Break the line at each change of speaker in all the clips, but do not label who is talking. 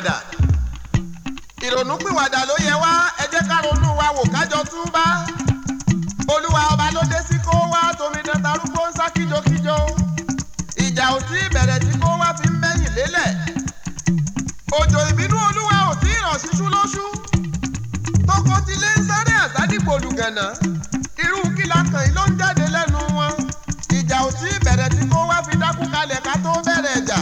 ìrònúpìwàdà ìrònúpìwàdà ló yẹ wá ẹ jẹ́ ká ronú wa wò kájọ tún bá olúwa ọba ló dé sí kó wá tomidan tarúgbó ń sá kíjokíjo ìjà ò tí bẹ̀rẹ̀ tí kó wá fi ń mẹ́yìn lélẹ̀ òjò ìbínú olúwa ò tí ràn ṣíṣú lóṣù tọkọtìlé ń sáré àsádìpọ̀ olùgànà irú kí la kàn yín ló ń jáde lẹ́nu wọn ìjà ò tí bẹ̀rẹ̀ tí kó wá fi dákú kalẹ̀ ká tó bẹ̀rẹ̀ ìjà.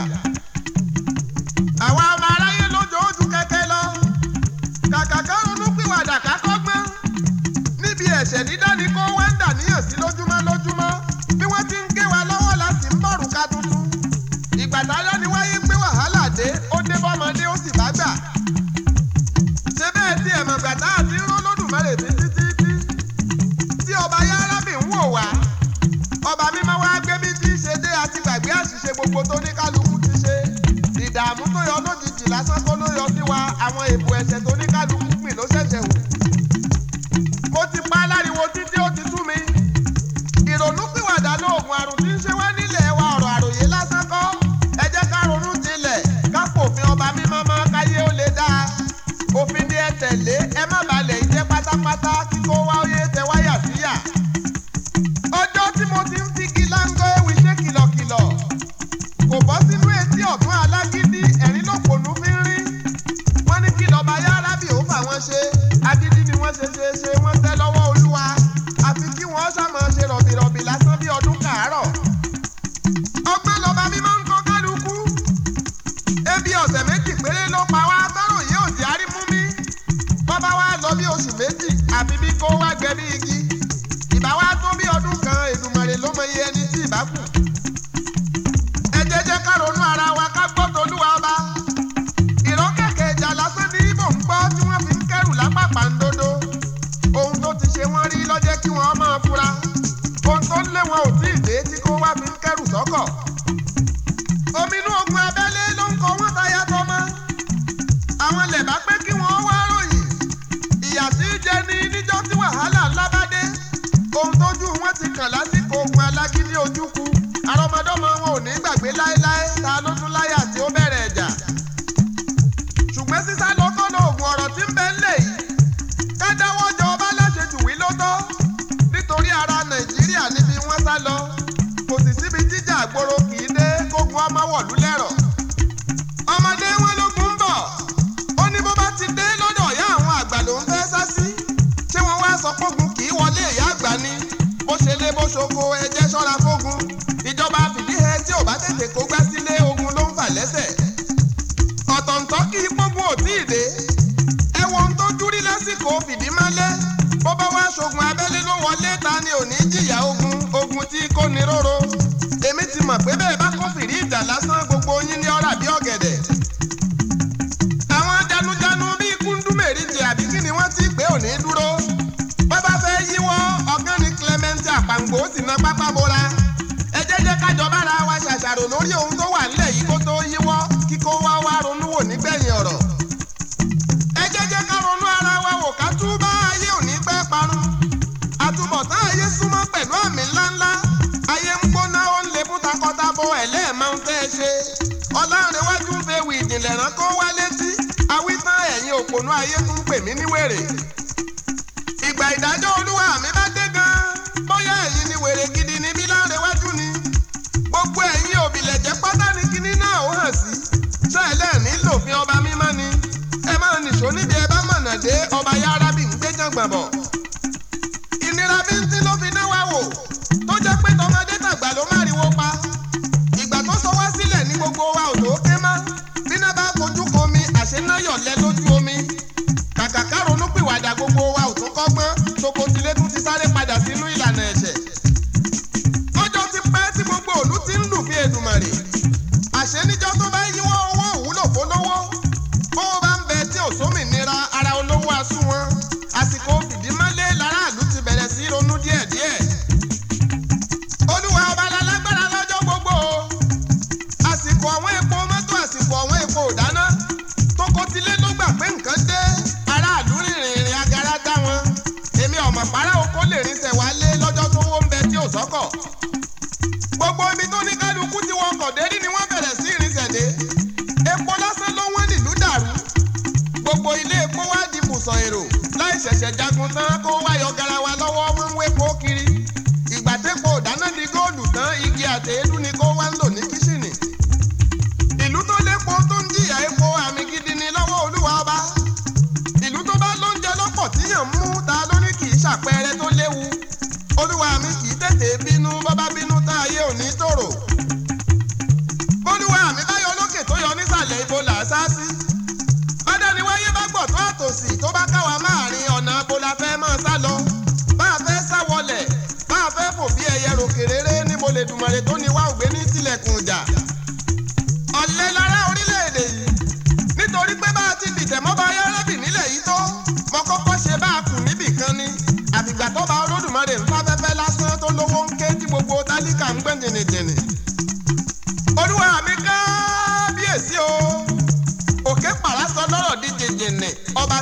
bí ọ̀sẹ̀ méjì péré ló pa wá tọ́rùn yìí ò sí arímú mi wọ́n bá wá lọ bí oṣù méjì àfi bí kó wá gbẹ bí igi ìbá wá tó bí ọdún kan Èdùmàrè ló mọ iye ẹni tí ìbá kù. ìlẹ̀nà kó wá létí awítán ẹ̀yìn òpònú ayé tún pè mí níwèrè. ìgbà ìdájọ́ olúwa mi bá dé gan bóyá ẹ̀yin ni wèrè gidi ni bí lárẹ̀wájú ni gbogbo ẹ̀yin òbílẹ̀ jẹ́ pátá ni kinní náà ó hàn sí sẹ́ẹ̀lẹ̀ ní lòfin ọba mímọ́ ni ẹ máa nìṣó níbi ẹ bá mọ̀nà dé ọba yára bí ń gbé jàngbọ̀n bọ̀.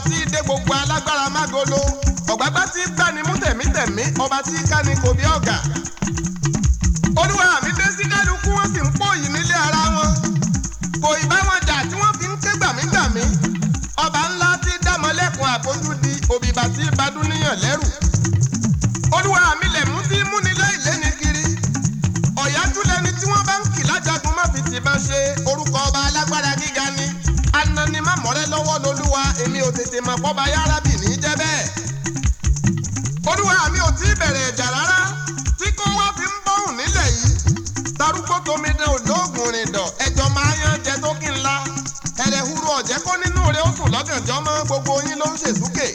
tí dé gbogbo alágbára mágolo ọ̀gbágbá tí gbani mú tẹ̀mítẹ̀mí ọba tí kání kò bí ọ̀gá. olúwa mi dé sí kálukú wọn sì ń pò yìí nílé ara wọn kò ì bá wọn jà tí wọ́n fi ń ké gbàmígbàmí ọba ńlá tí dámọ̀lẹ́kùn àfojúdi òbíbà tí badúníyàn lẹ́rù tètè máa pọ́ báyà arábì ní jẹ́ bẹ́ẹ̀. olúwa mi ò tí ì bẹ̀rẹ̀ ẹ̀jà rárá tí kò wá fi ń bọ́hùn nílẹ̀ yìí darúgbó tomi dán olóògùn rìn dọ̀ ẹjọ́ máa yan jẹ tó kí n la ẹ̀rẹ̀ huru ọ̀jẹ́ kó nínú rẹ̀ ó sùn lọ́gànjọ́ mọ́ gbogbo yín ló ń ṣèsúkè.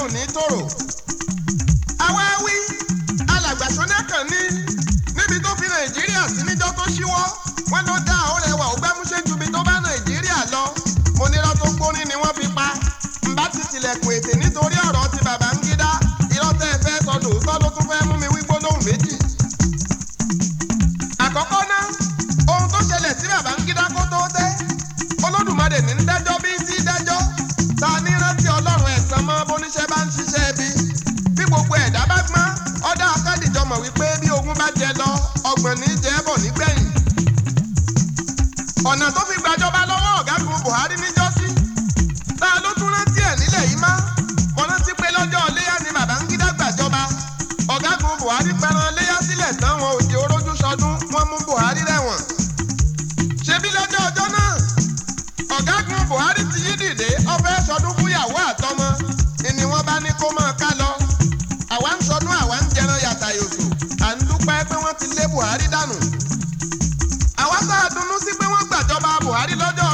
ò ní tòrò. àwa wí alàgbà Ṣónẹ́kàn ní níbi tó fi Nàìjíríà sí níjọ́ tó ṣíwọ́ wọn ló I Buhari lọ́jọ́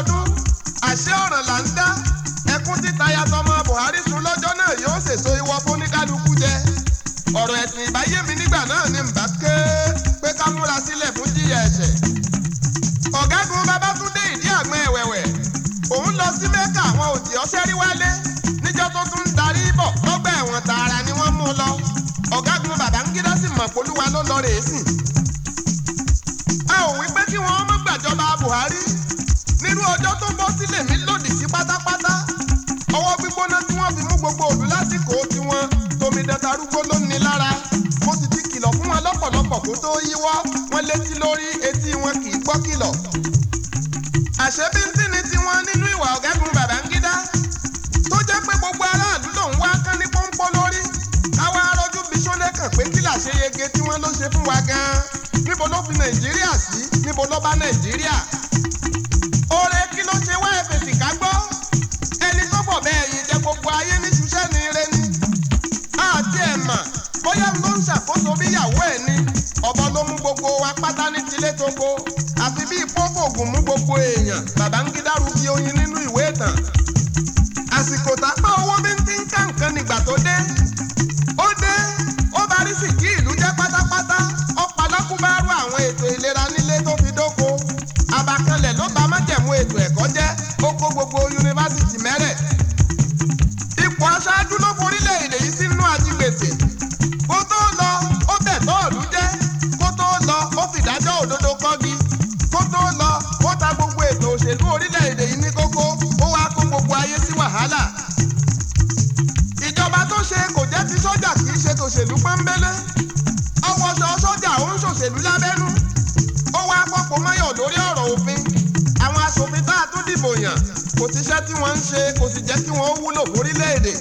arúgbó ló ní lára mo sì ti kìlọ̀ fún wọn lọ́pọ̀lọpọ̀ kó tó yíwọ́ wọn létí lórí etí wọn kì í gbọ́ kìlọ̀ àṣẹ bí oògùn mú gbogbo èèyàn Babangida rú bí oyin nínú ìwé ìtàn àsìkò tápá owó bí ń ti ń ká nǹkan nígbà tó dé ètò òṣèlú pọ́nbélé ọwọ́ sọ sọ́jà ó ń ṣòṣèlú lábẹ́nú ó wá fọ́pọ̀ mọ́yọ̀ lórí ọ̀rọ̀ òfin àwọn aṣòfin tá a tún dìbò yàn kò síṣẹ́ tí wọ́n ń ṣe kò sì jẹ́ kí wọ́n wúlò fórílẹ̀-èdè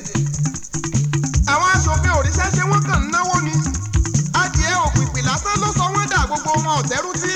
àwọn aṣòfin òrìṣẹ́ ṣe wọ́n kàn ń náwó ni adìẹ òpìpì lásán ló sọ wọ́n dà gbogbo wọn ọ̀tẹ́rú tí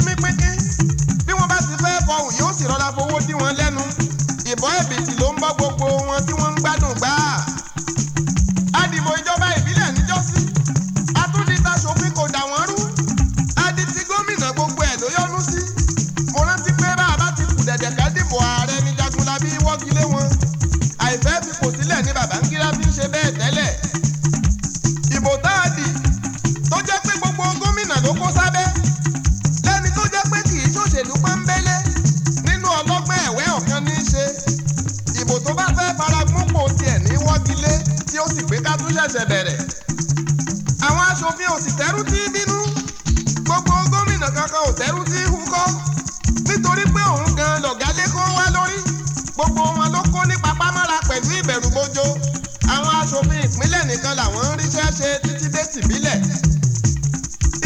aṣòfin ìpínlẹ̀ nìkan làwọn ń ríṣẹ́ ṣe títí dé tìbílẹ̀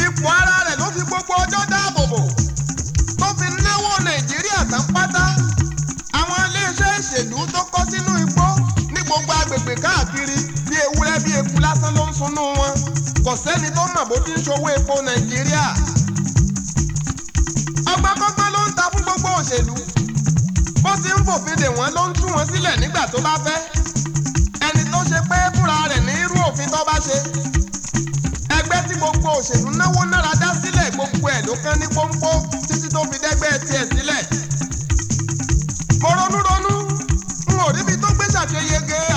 ipò ara rẹ̀ ló fi gbogbo ọjọ́ dáàbòbò tó fi náwó nàìjíríà tán pátá àwọn iléeṣẹ́ ìṣèlú tó kọ́ sínú igbó ní gbogbo agbègbè káàkiri bí ewúrẹ́ bí eku lásán ló ń sunú wọn kò sẹ́ni tó mọ̀ bó ti ń ṣòwò epo nàìjíríà ọgbọ́nkọ́gbọ́n ló ń ta fún gbogbo òṣèlú bó ti ń fòfin dè wọ́n ló ń tú wọn sílẹ̀ nígbà tó bá fẹ́ àfi tó bá ṣe. ẹgbẹ́ tí gbogbo òṣèlú náwó náírà dá sílẹ̀ gbogbo ẹ̀ ló kán ní pọ́npọ́ títí tó fi dẹ́gbẹ́ tiẹ̀ sílẹ̀. mo ronú ronú n ò ríbi tó gbé ṣàṣeyege.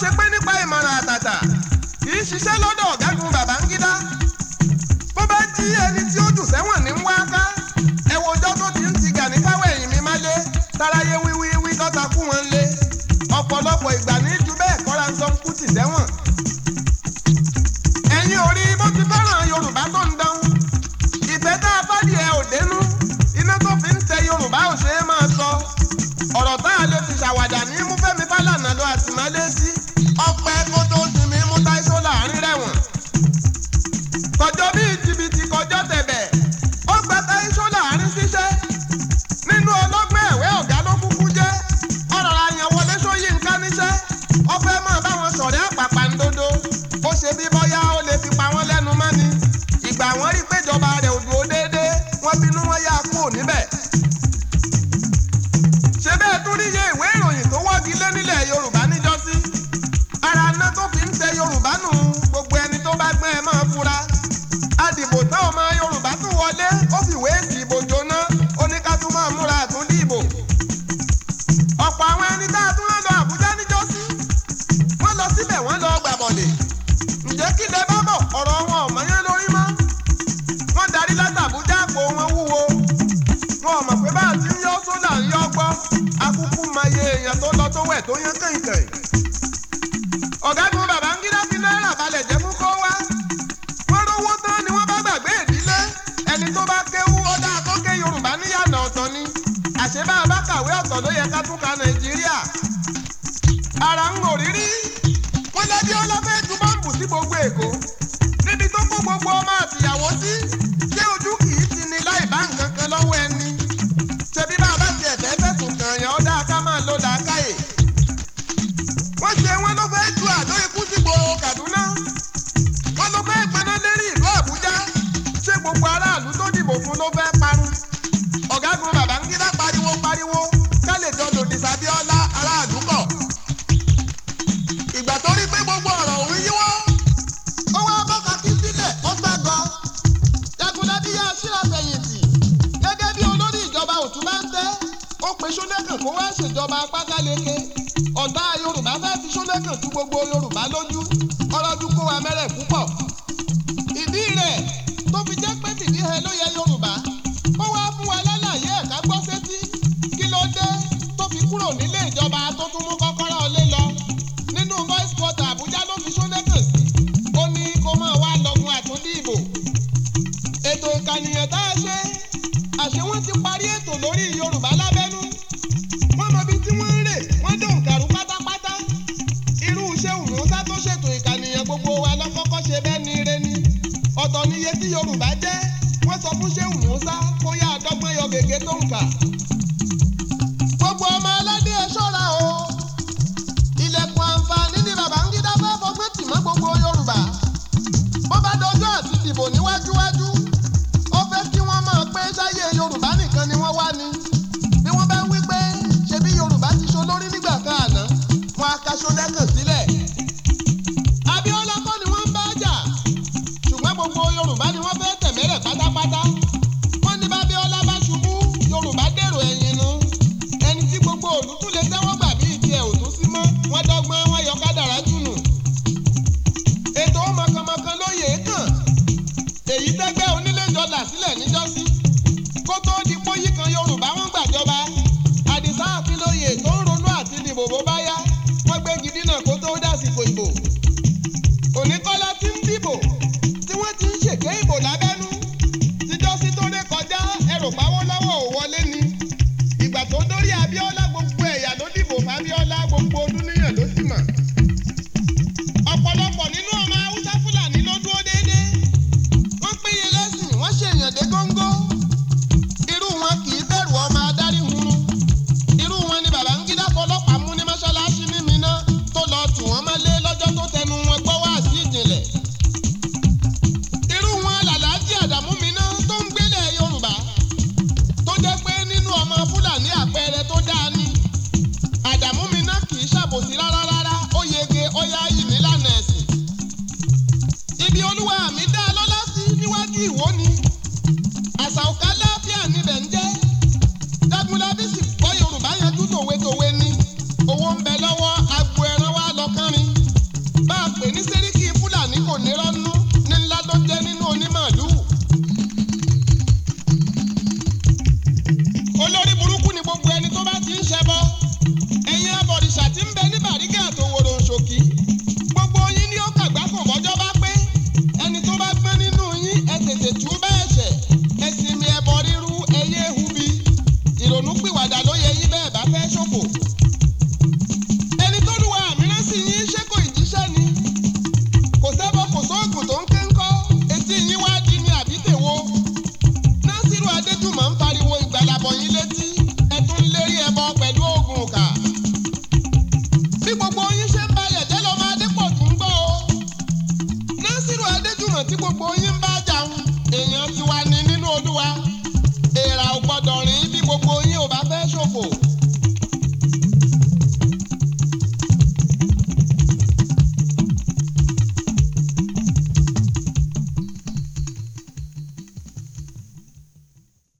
ṣe pé nípa ìmọ̀ràn àtàtà kì í ṣiṣẹ́ lọ́dọ̀ ọ̀gágun Babangida bó bá jí ẹni tí ó jù sẹ́wọ̀n ní Mm-hmm. pátá leke ọ̀tá yorùbá fẹ́ fi Ṣólékàn tú gbogbo yorùbá lójú ọlọ́dún kó wa mẹ́rẹ̀ púpọ̀ ìdí rẹ̀ tó fi jẹ́ pé fìdí ẹ ló yẹ yorùbá kó wá fún wa lálàyé ẹ̀ka gbọ́ sétí kí ló dé tó fi kúrò nílé ìjọba tó tún mú níye tí Yorùbá jẹ́ wọ́n sọ fún Ṣéhù Músá kó yá àdọ́gbọ́n yọ gègé tó ń kà. gbogbo ọmọ aládé ẹ ṣọ́ra o ilẹ̀kùn àǹfààní ni Babangida fẹ́ fọgbọ́n tì mọ́ gbogbo Yorùbá bó bá dojú àti dìbò níwájúwájú ó fẹ́ kí wọ́n mọ̀ pé sáyé Yorùbá nìkan ni wọ́n wá ni bí wọ́n bá ń wí pé ṣebí Yorùbá ti ṣolórí nígbà kan àná wọn á kaṣọ lẹ́kàn múlábí sí.